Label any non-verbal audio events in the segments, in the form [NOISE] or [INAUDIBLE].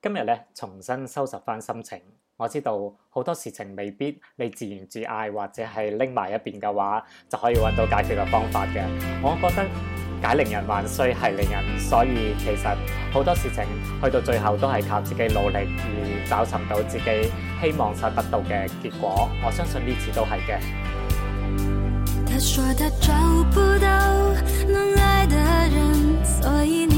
今日咧，重新收拾翻心情。我知道好多事情未必你自言自艾或者係拎埋一邊嘅話，就可以揾到解決嘅方法嘅。我覺得解鈴人還須繫鈴人，所以其實好多事情去到最後都係靠自己努力而找尋到自己希望所得到嘅結果。我相信呢次都係嘅。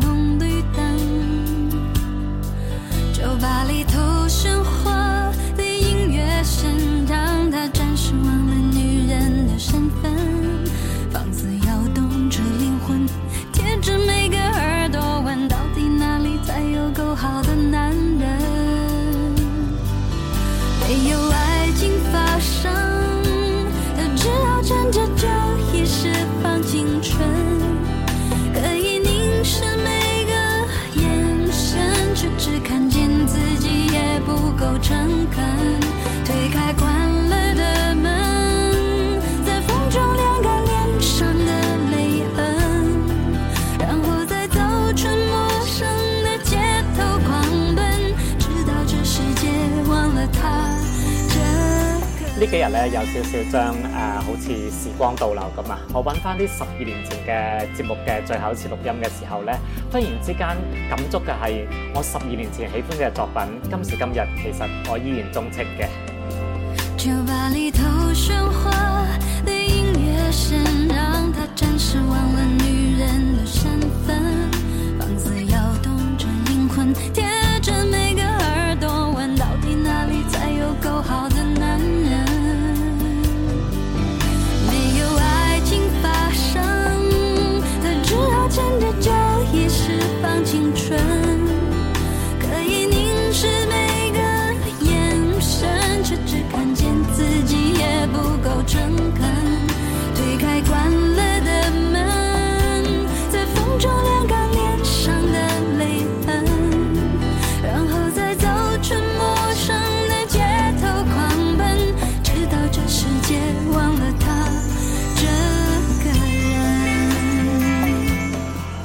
今日咧有少少將誒、呃、好似時光倒流咁啊！我揾翻啲十二年前嘅節目嘅最後一次錄音嘅時候咧，忽然之間感觸嘅係，我十二年前喜歡嘅作品，今時今日其實我依然鍾情嘅。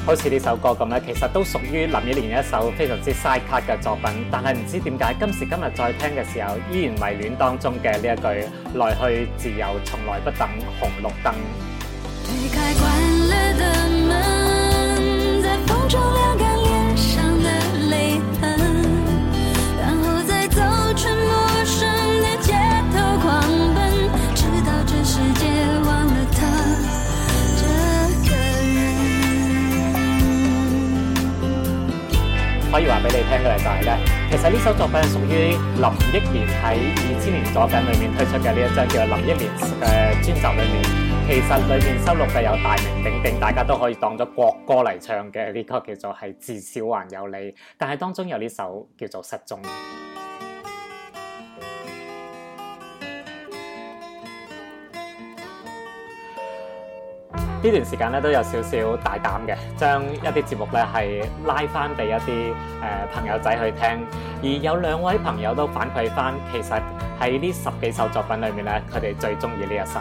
好似呢首歌咁咧，其實都屬於林憶蓮一首非常之嘥卡嘅作品，但係唔知點解今時今日再聽嘅時候，依然迷戀當中嘅呢一句：來去自由，從來不等紅綠燈。 [MUSIC] 可以話俾你聽嘅就係咧，其實呢首作品係屬於林憶蓮喺二千年作品裏面推出嘅呢一張叫做林憶蓮嘅專輯裏面，其實裏面收錄嘅有大名鼎鼎，大家都可以當咗國歌嚟唱嘅呢個叫做係至少還有你，但係當中有呢首叫做失蹤。呢段時間咧都有少少大膽嘅，將一啲節目咧係拉翻俾一啲誒、呃、朋友仔去聽，而有兩位朋友都反饋翻，其實喺呢十幾首作品裏面咧，佢哋最中意呢一首。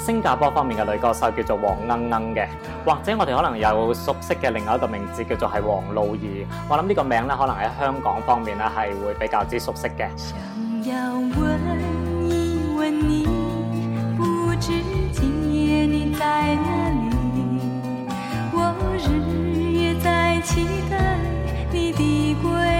新加坡方面嘅女歌手叫做黃鶯鶯嘅，或者我哋可能有熟悉嘅另外一個名字叫做係黃露儀，我諗呢個名咧可能喺香港方面咧係會比較之熟悉嘅。想要問一問你，不知今夜你在哪裡？我日夜在期待你的歸。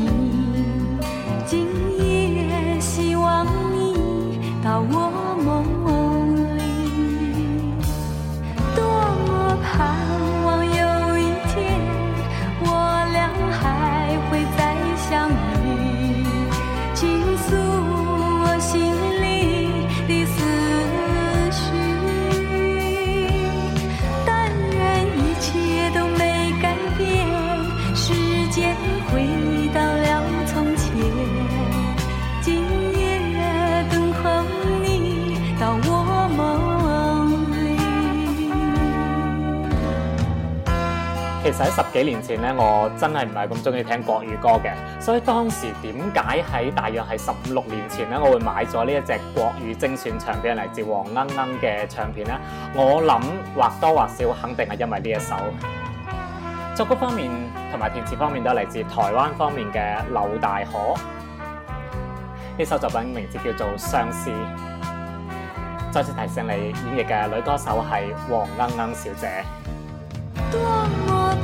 十幾年前咧，我真係唔係咁中意聽國語歌嘅，所以當時點解喺大約係十五六年前咧，我會買咗呢一隻國語精選唱片嚟自黃鶯鶯嘅唱片呢？我諗或多或少肯定係因為呢一首作曲方面同埋填詞方面都係嚟自台灣方面嘅劉大可呢首作品，名字叫做《相思》。再次提醒你，演繹嘅女歌手係黃鶯鶯小姐。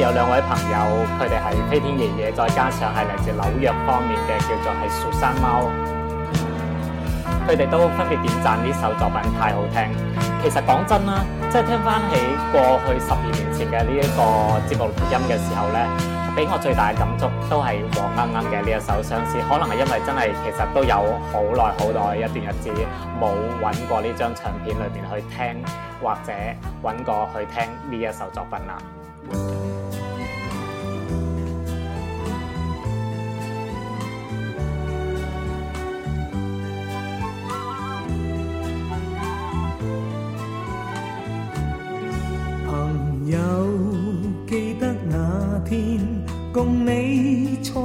有兩位朋友，佢哋係飛天爺爺，再加上係嚟自紐約方面嘅叫做係雪山貓，佢哋都分別點贊呢首作品太好聽。其實講真啦，即係聽翻起過去十二年前嘅呢一個節目錄音嘅時候呢，俾我最大嘅感觸都係黃鶯鶯嘅呢一首相思，可能係因為真係其實都有好耐好耐一段日子冇揾過呢張唱片裏面去聽，或者揾過去聽呢一首作品啦。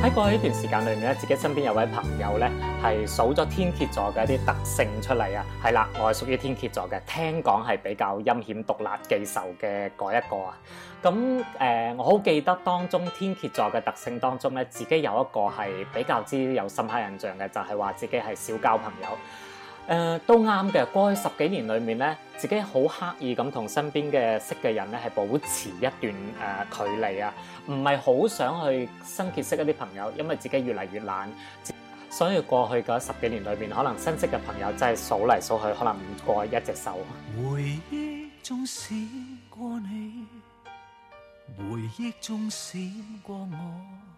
喺過去一段時間裏面咧，自己身邊有位朋友咧，係數咗天蠍座嘅一啲特性出嚟啊。係啦，我係屬於天蠍座嘅，聽講係比較陰險、獨立、記仇嘅嗰一個啊。咁誒、呃，我好記得當中天蠍座嘅特性當中咧，自己有一個係比較之有深刻印象嘅，就係、是、話自己係少交朋友。誒、呃、都啱嘅，過去十幾年裏面咧，自己好刻意咁同身邊嘅識嘅人咧，係保持一段誒、呃、距離啊，唔係好想去新結識一啲朋友，因為自己越嚟越懶，所以過去嗰十幾年裏面，可能新戚嘅朋友真係數嚟數去，可能唔過一隻手。回憶中閃過你，回憶中閃過我。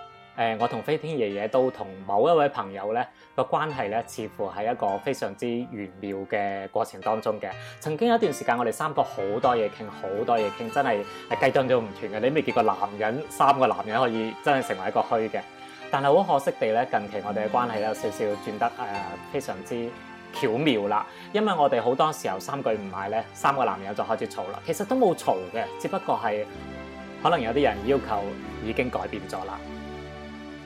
誒，我同飛天爺爺都同某一位朋友咧個關係咧，似乎係一個非常之玄妙嘅過程當中嘅。曾經有一段時間，我哋三個好多嘢傾，好多嘢傾，真係係計都計唔完嘅。你未見過男人三個男人可以真係成為一個虛嘅，但係好可惜地咧，近期我哋嘅關係有少少轉得誒、呃、非常之巧妙啦。因為我哋好多時候三句唔嗌咧，三個男人就開始嘈啦。其實都冇嘈嘅，只不過係可能有啲人要求已經改變咗啦。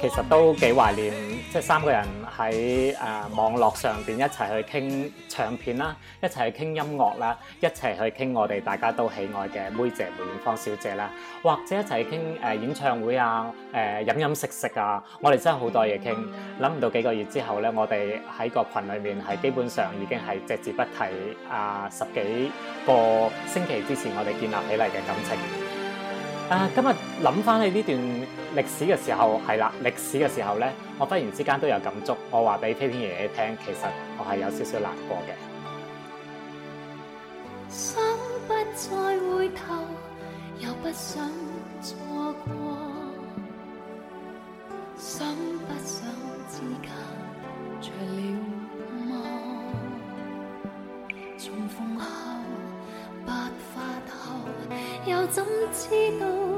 其實都幾懷念，即係三個人喺誒、呃、網絡上邊一齊去傾唱片啦，一齊去傾音樂啦，一齊去傾我哋大家都喜愛嘅妹姐梅艷芳小姐啦，或者一齊去傾、呃、演唱會啊、誒飲飲食食啊，我哋真係好多嘢傾。諗唔到幾個月之後呢，我哋喺個群裏面係基本上已經係隻字不提啊、呃、十幾個星期之前我哋建立起嚟嘅感情。誒、啊，今日。諗翻起呢段歷史嘅時候，係啦歷史嘅時候呢，我忽然之間都有感觸。我話俾菲菲爺爺聽，其實我係有少少難過嘅。想不再回頭，又不想錯過。想不想之間，除了夢？重逢後，白髮後，又怎知道？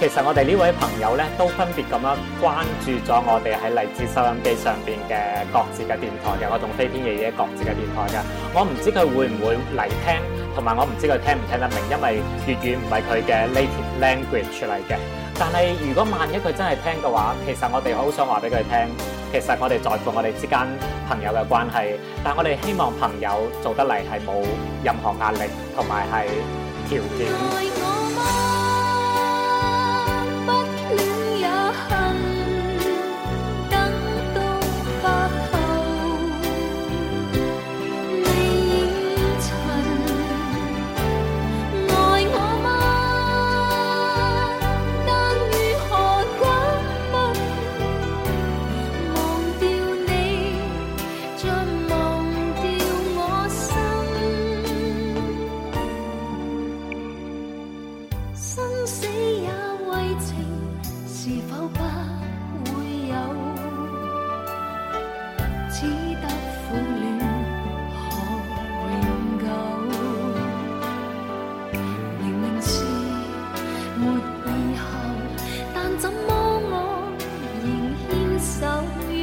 其實我哋呢位朋友咧，都分別咁樣關注咗我哋喺荔枝收音機上邊嘅各自嘅電台嘅，我同飛天爺爺各自嘅電台嘅。我唔知佢會唔會嚟聽，同埋我唔知佢聽唔聽得明，因為粵語唔係佢嘅 native language 嚟嘅。但係如果萬一佢真係聽嘅話，其實我哋好想話俾佢聽，其實我哋在乎我哋之間朋友嘅關係。但我哋希望朋友做得嚟係冇任何壓力同埋係條件。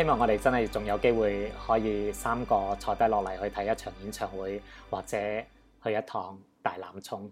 希望我哋真係仲有機會可以三個坐低落嚟，去睇一場演唱會，或者去一趟大欖涌。